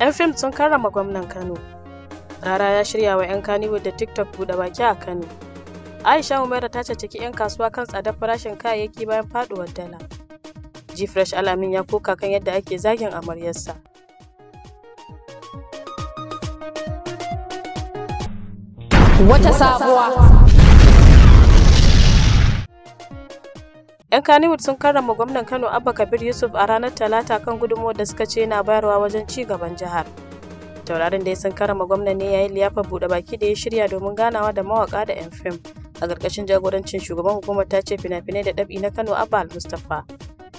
'yan fim sun karrama gwamnan kano rara ya shirya wa 'yan kaniwood da tiktok buɗe baki a kano aisha umaru ta caccaki 'yan kasuwa kan tsadar farashin kayayyaki bayan faɗuwar dala gfresh alamin ya koka kan yadda ake zagin amaryarsa wata sabuwa 'Yan Kannywood sun karrama gwamnan Kano Abba Kabir Yusuf a ranar Talata kan gudunmawar da suka ce yana bayarwa wajen ci gaban jihar. Taurarin da ya sun karrama gwamnan ne yayin liyafar buɗe baki da ya shirya domin ganawa da mawaka da 'yan fim. A ƙarƙashin jagorancin shugaban hukumar ta ce fina-finai da ɗabi na Kano Abba Al-Mustapha.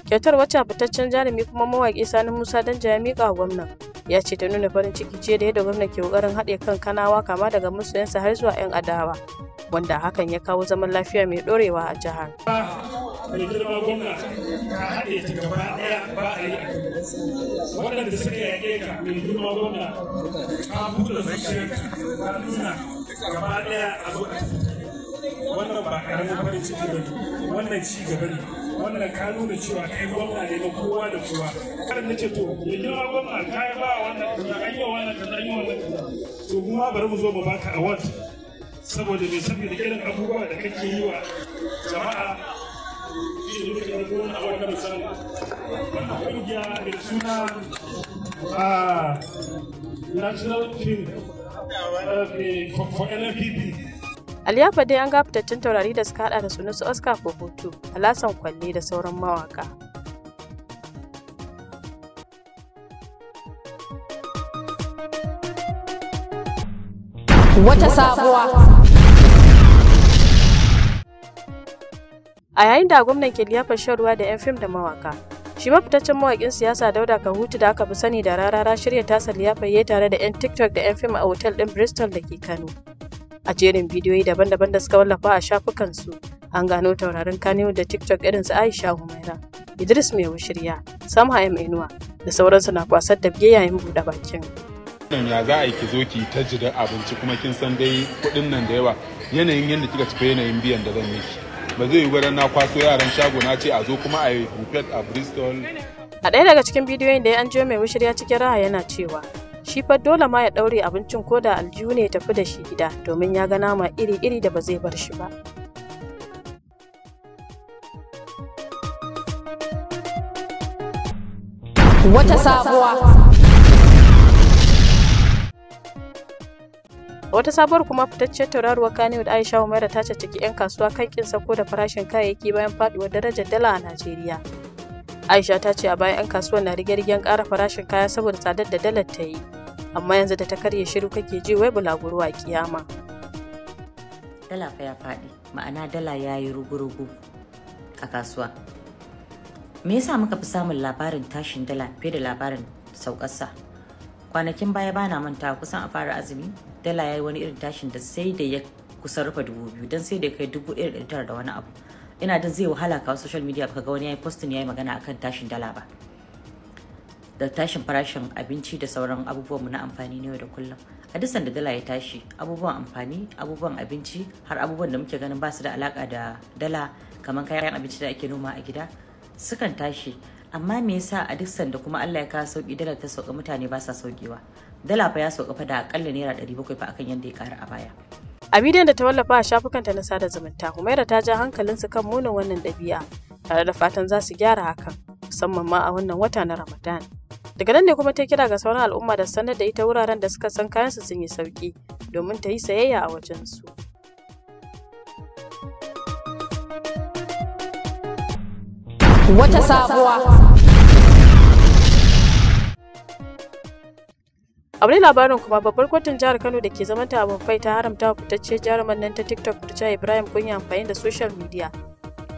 Kyautar wacce fitaccen jarumi kuma mawaƙi Sani Musa dan ya miƙa gwamnan. Ya ce ta nuna farin ciki ce da yadda gwamnan ke ƙoƙarin haɗe kan kanawa kama daga masoyansa har zuwa 'yan adawa. Wanda hakan ya kawo zaman lafiya mai ɗorewa a jihar. mai girma gwamna ka haɗe ta gaba ɗaya ba a yi waɗanda suka yaƙe ka mai girma gwamna ka buɗe zuciyarka ka nuna gaba ɗaya a zo wannan ba ƙaramin farin ciki ba ne wannan ci gaba ne wannan ka nuna cewa kai gwamna ne na kowa da kowa kar na ce to mai girma gwamna ka yi ba wannan kaza an yi wannan kaza an yi wannan kaza to kuma bari mu zo mu baka award saboda mai saboda irin abubuwa da kake yi wa jama'a Aliyafa dai an ga fitattun taurari da suka hada da sunan su Oscar a Alasan Kwalle da sauran mawaka. Wata sabuwa. a yayin da gwamnan ke liyafar shan ruwa da 'yan fim da mawaka shi mafitaccen mawakin siyasa dauda hutu da aka fi sani da rarara shirya tasa liyafar ya tare da 'yan tiktok da 'yan fim a otal din bristol da ke kano a jerin bidiyoyi daban-daban da suka wallafa a shafukansu an gano taurarin kano da tiktok irin su aisha humaira idris mai shirya sam hayam inuwa da sauransu na kwasar da biye yayin buɗe bakin nan ya za a yi ki zo ki ta jira abinci kuma kin san dai kuɗin nan da yawa yanayin yadda kika cika yanayin biyan da zan yi. ba zai yi na kwaso yaran shago na ce a zo kuma a yi buffet a bristol a ɗaya daga cikin bidiyoyin da ya an mai wishir cikin raha yana cewa shi fa dole ma ya ɗaure abincin ko da aljihu ne tafi da shi gida domin ya ga nama iri-iri da ba zai bar shi ba wata sabuwa wata sabuwar kuma fitacciyar tauraruwar da Aisha Umaira ta caccaki 'yan kasuwa kan kin sako da farashin kayayyaki bayan faduwar darajar dala a Najeriya. Aisha ta ce a bayan 'yan kasuwa na rige-rigen ƙara farashin kaya saboda tsadar da dalar ta yi, amma yanzu da ta karya shiru kake ji wai bulaguro a kiyama. Dala fa ya faɗi, ma'ana dala ya yi rugu a kasuwa. Me yasa muka fi samun labarin tashin dala fiye da labarin saukarsa? kwanakin baya bana manta kusan a fara azumi dala ya yi wani irin tashin da sai da ya kusa rufe dubu biyu don sai da ya kai dubu ɗaya da tara da wani abu ina da zai wahala kawo social media ka ga wani ya yi postin ya yi magana akan tashin dala ba da tashin farashin abinci da sauran abubuwan mu na amfani na yau da kullum a duk sanda dala ya tashi abubuwan amfani abubuwan abinci har abubuwan da muke ganin ba su da alaka da dala kamar kayan abinci da ake noma a gida sukan tashi amma me yasa a duk sanda kuma Allah ya kawo sauki dala ta sauka mutane ba sa saukewa dala fa ya sauka fa da akalla naira 700 fa akan yanda ya kara a baya a bidiyon da ta wallafa a ta na sada zumunta humaira ta ja su kan munin wannan ɗabi'a tare da fatan za su gyara hakan musamman ma a wannan wata na ramadan daga nan ne kuma ta kira ga sauran al'umma da sanar da ita wuraren da suka san kayan su sun yi sauki domin ta yi sayayya a wajen su wata sabuwa. Abin labarin kuma babbar kotun jihar Kano da ke zamanta ta Bamfai ta haramta fitacce jaruman nan ta TikTok Burja Ibrahim kunya amfani da social media.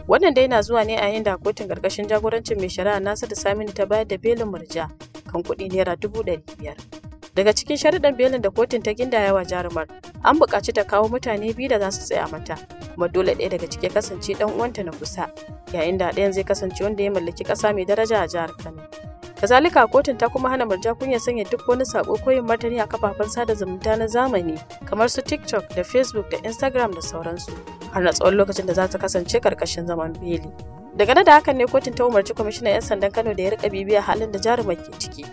Wannan dai na zuwa ne a yayin da kotun karkashin jagorancin mai shari'a da Saminu ta bayar da belin murja kan kuɗi naira dubu ɗari biyar. Daga cikin sharuɗan belin da kotun ta ginda yawa jarumar, an buƙaci ta kawo mutane biyu da za su tsaya mata, kuma dole ɗaya daga ciki kasance ɗan uwanta na kusa, yayin da ɗayan zai kasance wanda ya mallaki ƙasa mai daraja a jihar Kano. Kazalika kotun ta kuma hana murja kunya sanya duk wani sako ko yin martani a kafafen sada zumunta na zamani kamar su TikTok da Facebook da Instagram da sauransu har na tsawon lokacin da za ta kasance karkashin zaman beli. Daga da hakan ne kotun ta umarci kwamishinan 'yan sandan Kano da ya rika bibiya halin da jarumar ke ciki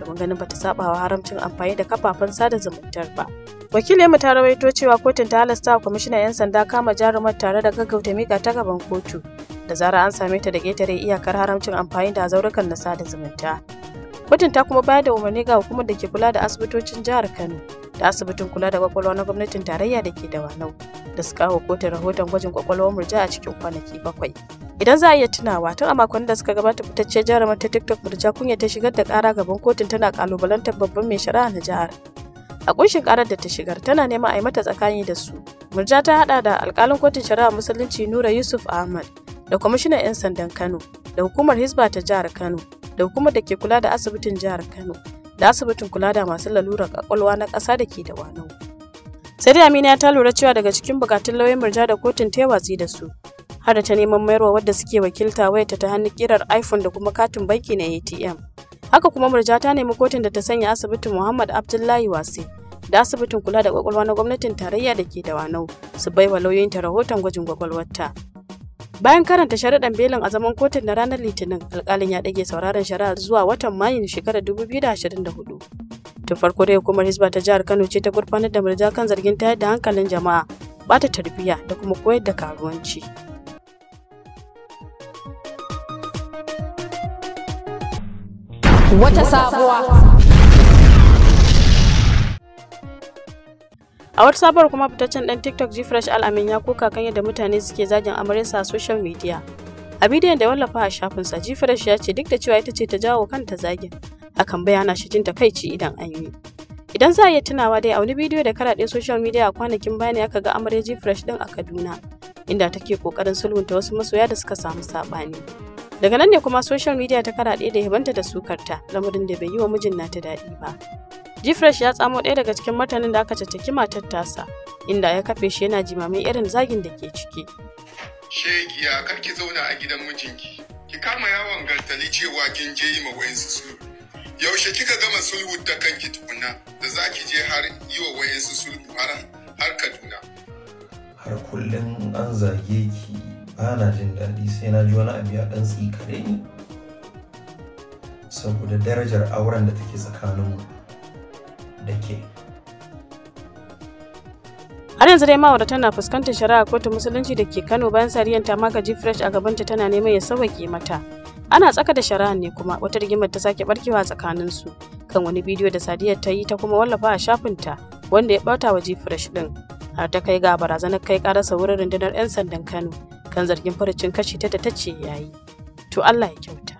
domin ganin bata saba wa haramcin amfani da kafafen sada zumuntar ba. Wakilinmu ta rawaito cewa kotun ta halasta wa kwamishinan 'yan sanda kama jarumar tare da gaggauta mika ta gaban kotu da zara an same ta da ƙetare iyakar haramcin amfani da zaurukan na sada zumunta. Kotun ta kuma bayar da umarni ga hukumar da ke kula da asibitocin jihar Kano da asibitin kula da kwakwalwa na gwamnatin tarayya da ke da Wanau da su kawo kotun rahoton gwajin kwakwalwar murja a cikin kwanaki bakwai. idan za a iya tunawa tun a makon da suka gabata fitacce jarumar ta tiktok burja kunya ta shigar da kara gaban kotun tana kalubalantar babban mai shari'a na jihar a kunshin karar da ta shigar tana neman a yi mata tsakani da su murja ta hada da alkalin kotun shari'a musulunci nura yusuf ahmad da kwamishinan 'yan sandan kano da hukumar hisba ta jihar kano da hukumar da ke kula da asibitin jihar kano da asibitin kula da masu lalurar kwakwalwa na kasa da ke da wano. sai amina ta lura cewa daga cikin bukatun lauyan murja da kotun ta yi watsi da su har da ta neman mayarwa wadda suke wakilta wayarta ta hannun kirar iphone da kuma katin banki na atm haka kuma murja ta nemi kotun da ta sanya asibitin muhammad abdullahi wase da asibitin kula da kwakwalwa na gwamnatin tarayya da ke da wanau su bai baiwa lauyoyinta rahoton gwajin kwakwalwarta bayan karanta shari'ar belin a zaman kotun na ranar litinin alƙalin ya ɗage sauraron shari'ar zuwa watan mayun shekarar 2024 tun farko da hukumar hisba ta jihar kano ce ta gurfanar da murja kan zargin ta da hankalin jama'a bata tarbiyya da kuma koyar da karuwanci wata sabuwa a wata sabuwar kuma fitaccen dan tiktok gfresh al'amin ya kuka kan yadda mutane suke zagin amaryarsa a social media a bidiyon da wallafa a shafinsa gfresh ya ce duk da cewa ita ce ta jawo kanta zagin akan bayana shi jin takaici idan an yi idan za a iya tunawa dai a wani bidiyo da karaɗe social media a kwanakin baya ne aka ga amarya gfresh ɗin a kaduna inda take kokarin sulhunta wasu masoya da suka samu saɓani daga nan ne kuma social media ta kara ɗaya da yabanta da sukarta lamarin da bai yi wa mijin nata daɗi ba jifresh ya tsamo ɗaya daga cikin martanin da aka cataki matar tasa inda ya kafe shi yana jimamin irin zagin da ke ciki Shekiya, kar ki zauna a gidan mijinki ki kama yawon gantali cewa kin je yi ma wayansu sulhu yaushe kika gama sulhu da kanki tukuna da za ki je har yi wa wayansu sulhu har kaduna har kullum an zage ki ba jin daɗi sai na ji wani abu ya ɗan tsikare ni saboda darajar auren da take tsakaninmu da ke har yanzu dai ma'aurata tana fuskantar shari'a kotun musulunci da ke kano bayan sariyar ta magaji fresh a gabanta tana neman ya sauwake mata ana tsaka da shari'a ne kuma wata rigimar ta sake barkewa tsakaninsu kan wani bidiyo da sadiyar ta yi ta kuma wallafa a shafin ta wanda ya bauta wa fresh din har ta kai ga barazanar kai karasa wurin rundunar 'yan sandan kano kan zargin furucin kashi ta ta ce yayi to Allah ya kyauta